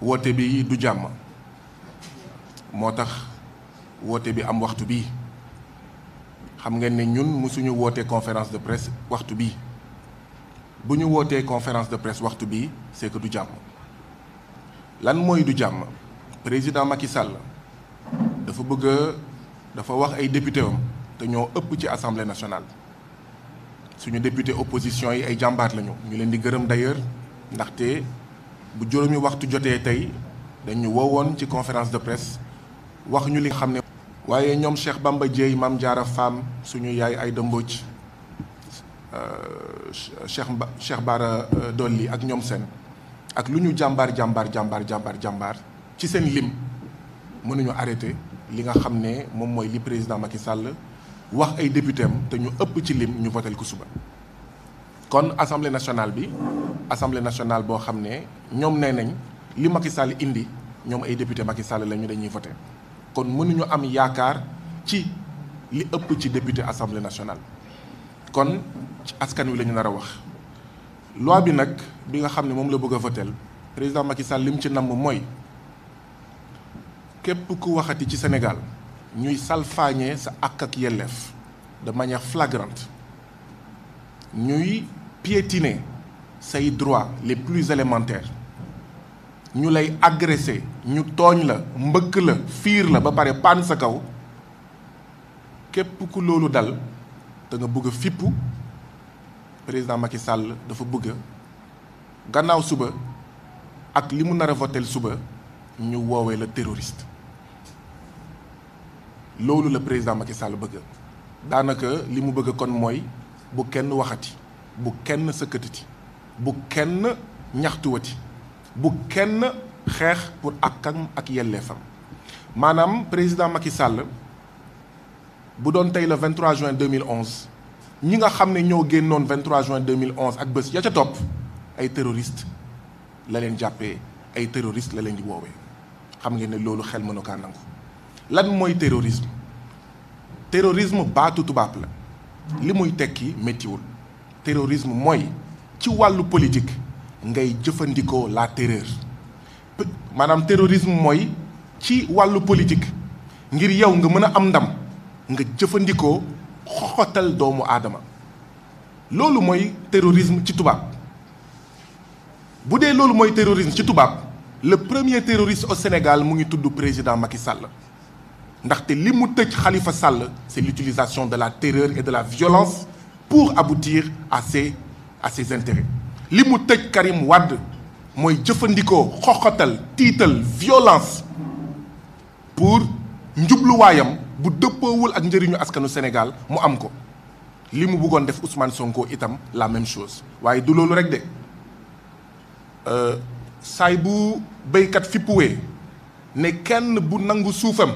woote bi du jàmm moo tax woote bi am waxtu bi xam ngeen ni ñun mësuñu woote conférence de presse waxtu bii bu ñu wootee conférence de presse waxtu bi c'est du jàmm lan mooy du jàmm président Macky Sall dafa bëgg dafa wax ay député am te ñoo ëpp ci assemblée nationale suñu député opposition yi ay jàmbaar lañu ñu leen di gërëm d'ailleurs ndaxte bu juróomi waxtu jotee tey dañu woowoon ci conférence de presse wax ñu li nga xam ne. waaye ñoom Cheikh Bamba Dièye maam Diarra Fam suñu yaay Aïda Mbodj euh, Cheikh Mba Cheikh Bara euh, Dolly ak ñoom seen ak lu ñu jàmbaar jàmbaar jàmbaar jàmbaar jàmbaar ci seen lim mënuñu arrêté li nga xam ne moom mooy li président Macky Sall wax ay député am te ñu ëpp ci lim ñu votel ko suba. kon assemblée nationale bi assemblée nationale boo xam ne ñoom nee nañ li Macky Sall indi ñoom ay député Macky Sall la ñu dañuy voté kon mënuñu am yaakaar ci li ëpp ci député assemblée nationale. kon ci askan wi lañu ñu nar a wax loi bi nag bi nga xam ne moom la bëgg a voteel président Macky Sall li mu ci namm mooy képp ku waxati ci Sénégal ñuy salfaañee sa àq ak yelleef de manière flagrante ñuy. piétiner say droits les plus élémentaires ñu lay agressé ñu tooñ la mbëkk la fiir la ba pare paan sa kaw képp ku loolu dal da nga bëgg fippu président Macky Sall dafa bëgg gannaaw suba ak li mu nar a votel suba ñu woowee la terroriste loolu la président Macky Sall bëgg daanaka li mu bëgg kon mooy bu kenn waxati bu kenn sëkkatiti bu kenn ñaxtuwati bu kenn xeex pour akkam ak yelleefam maanaam président Macky Sall bu doon tey le 23 juin 2011 ñi nga xam ne ñoo génnoon 23 juin 2011 ak bés ya ca topp ay terroristes la leen jàppee ay terroristes la leen di woowee xam ngeen ne loolu xel mënu kaa nangu lan mooy terrorisme terrorisme baatu tubaab la li muy tekki méttiwul. terrorisme mooy ci wàllu politique ngay jëfandikoo la terreur maanaam terrorisme mooy ci wàllu politique ngir yow nga mën a am ndam nga jëfandikoo xoxotal doomu aadama loolu mooy terrorisme ci tubaab bu dee loolu mooy terrorisme ci tubaab le premier terroriste au Sénégal mu ngi tudd président Macky Sall ndaxte li mu tëj Khalifa Sall c'est l'utilisation de la terreur et de la violence pour aboutir à ses à ses intérêts li mu tëj Karim Wade mooy jëfandikoo xoxatal tiital violence pour njubluwaayam bu dëppoowul ak njëriñu askanu Sénégal mu am ko li mu bëggoon def Ousmane Sonko itam la même chose waaye du loolu rek de euh, saay bu baykat fippuwee ne kenn bu nangu suufam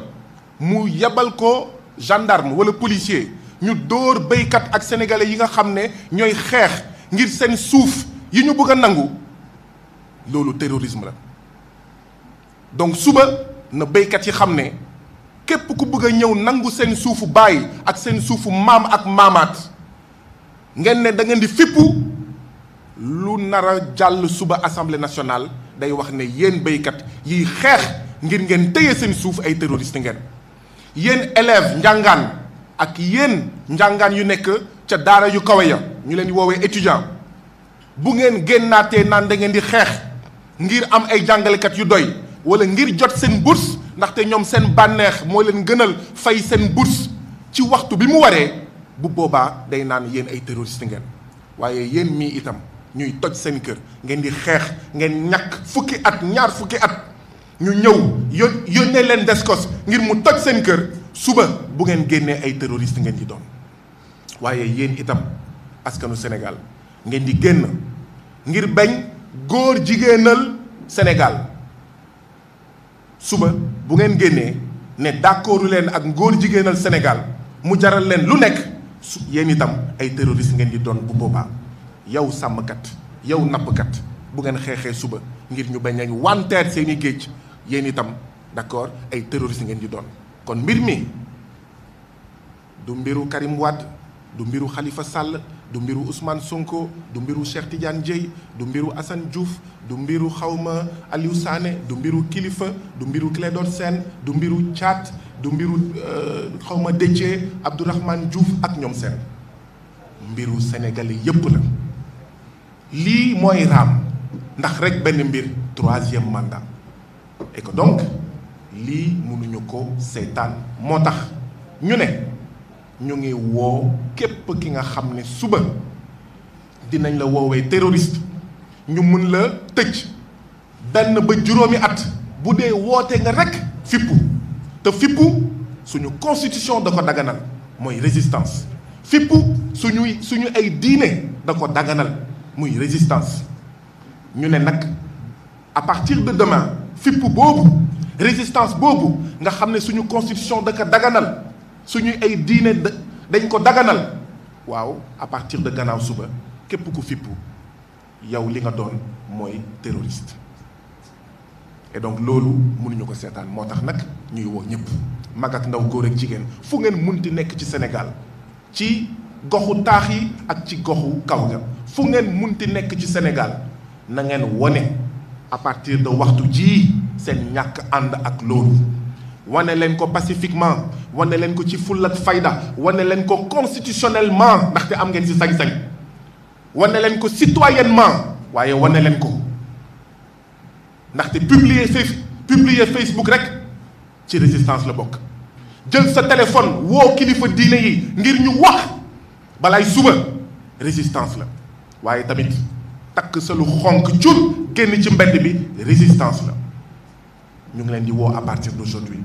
mu yebal ko gendarme wala policier ñu dóor béykat ak sénégalais yi nga xam ne ñooy xeex ngir seen suuf yi ñu bëgg a nangu loolu terrorisme la donc suba na béykat yi xam ne képp ku bëgg a ñëw nangu seen suufu bàyyi ak seen suufu maam ak maamaat ngeen ne da ngeen di fippu lu nar a jàll suba assemblée nationale day wax ne yéen béykat yiy xeex ngir ngeen téye seen suuf ay terroriste ngeen yéen élève njàngaan. ak yéen njàngaan yu nekk ca daara yu kawe ya ñu leen di woowee étudiant bu ngeen génnaatee naan da ngeen di xeex ngir am ay jàngalekat yu doy wala ngir jot seen bourse ndaxte ñoom seen bànneex moo leen gënal fay seen bourse ci waxtu bi mu waree bu boobaa day naan yéen ay terroriste ngeen waaye yéen mii itam ñuy toj seen kër ngeen di xeex ngeen ñàkk fukki at ñaar fukki at ñu ñëw yón yónnee leen descos ngir mu toj seen kër suba bu ngeen génnee ay terroriste ngeen di doon waaye yéen itam askanu Sénégal ngeen di génn ngir bañ góor jigéenal Sénégal suba bu ngeen génnee ne d'accordu leen ak ngóor jigéenal Sénégal mu jaral leen lu nekk su yéen itam ay terroriste ngeen di doon bu boobaa yow sàmmkat yow nappkat bu ngeen xeexee suba ngir ñu bañ a wanteer seen i géej yéen itam d'accord ay terroriste ngeen di doon. kon mbir mi du mbiru Karim du mbiru xalifa sàll du mbiru usmaan Sonko du mbiru Cheikh Tidiane Dieye du mbiru Assane juuf du mbiru xawma Aliou Sané du mbiru Kilifa du mbiru Clédor Sène du mbiru Thiat du mbiru euh, xawma Déthié Abdourahmane Diouf ak ñoom seen mbiru sénégalais yépp la lii mooy raam ndax rek benn mbir troisième mandat et que donc lii mënuñu ko seetaan moo tax ñu ne ñu ngi woo képp ki nga xam ne suba dinañ la woowee terroriste ñu mën la tëj benn ba juróomi at bu dee woote nga rekk fippu te fippu suñu constitution da ko daganal mooy résistance fippu suñuy suñu ay diine da ko daganal muy résistance ñu ne nag à partir de demain fippu boobu résistance boobu nga xam ne suñu constitution da ko daganal suñu ay diine dañ ko daganal waaw à partir de gannaaw suba képp ku fippu yow li nga doon mooy terroriste et donc loolu mënuñu ko seetaan moo tax nag ñuy woo ñëpp mag ak ndaw góor ak jigéen fu ngeen mun munti nekk ci senegal ci goxu taax yi ak ci goxu kaw ga fu ngeen munti nekk ci Sénégal na ngeen wone à partir de waxtu jii seen ñàkk ànd ak loolu wane leen ko pacifiquement wane leen ko ci full ak fayda wane leen ko constitutionnellement ndaxte am ngeen si sañ-sañ wane leen ko citoyennement waaye wane leen ko ndaxte publier publier Facebook rek ci résistance la bokk jël sa téléphone woo kilifa diine yi ngir ñu wax balaay suba résistance la waaye tamit takk sa lu xonk cur génn ci mbedd bi résistance la ñu ngi leen di woo à partir d'aujourd'hui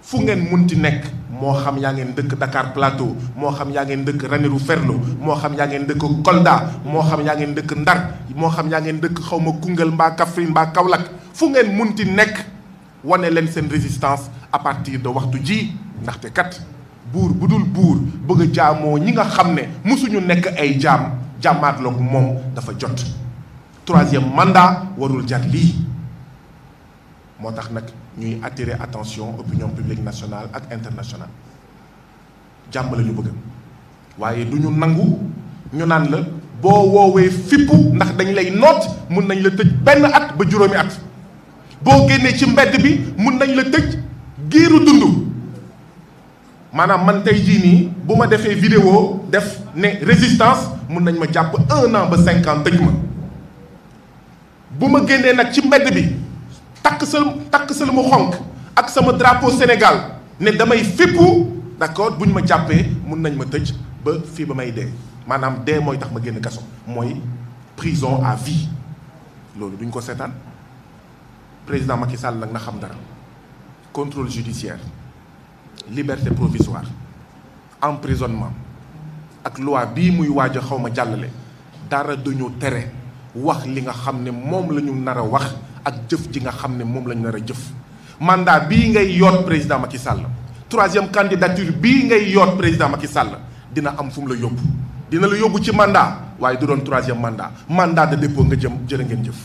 fu ngeen munti nekk moo xam yaa ngeen dëkk Dakar Plateau moo xam yaa ngeen dëkk Ranérou Ferlo moo xam yaa ngeen dëkk Kolda moo xam yaa ngeen dëkk Ndar moo xam yaa ngeen dëkk xawma ma Koungheul mbaa Kaffrine mbaa Kaolack fu ngeen munti nekk wane leen seen résistance à partir de waxtu ji ndaxte kat buur bu dul buur bëgg jaamoo ñi nga xam ne musuñu nekk ay jaam jàmmaatloog moom dafa jot troisième mandat warul jar lii moo tax nag ñuy attirer attention opinion publique nationale ak internationale jàmm la ñu waaye du ñu nangu ñu naan la boo woowee fippu ndax dañ lay noot mun nañ la tëj benn at ba juróomi at boo génnee ci mbedd bi mun nañ la tëj giiru dund maanaam man tey jii nii bu ma defee vidéo def ne résistance mun nañ ma jàpp un an ba cinquante ans tëj ma bu ma génnee nag ci mbedd bi takk sa takk sa lu mu xonk ak sama drapeau Sénégal ne damay fippu d'accord bu ñu ma jàppee mun nañ ma tëj ba fii ba may dee maanaam dee mooy tax ma génn kaso mooy prison à vie loolu duñ ko seetaan président Macky Sall nag na xam dara contrôle judiciaire liberté provisoire emprisonnement ak loi bii muy waaj a xaw ma jàllale dara duñu tere wax li nga xam ne moom la ñu nar wax ak jëf ji nga xam ne moom lañ nar a jëf mandat bii ngay yoot président Macky Sall troisième candidature bii ngay yoot président Macky Sall dina am fu la yóbbu dina la yóbbu ci mandat waaye du doon troisième mandat mandat de dépôt nga jëm jërë ngeen jëf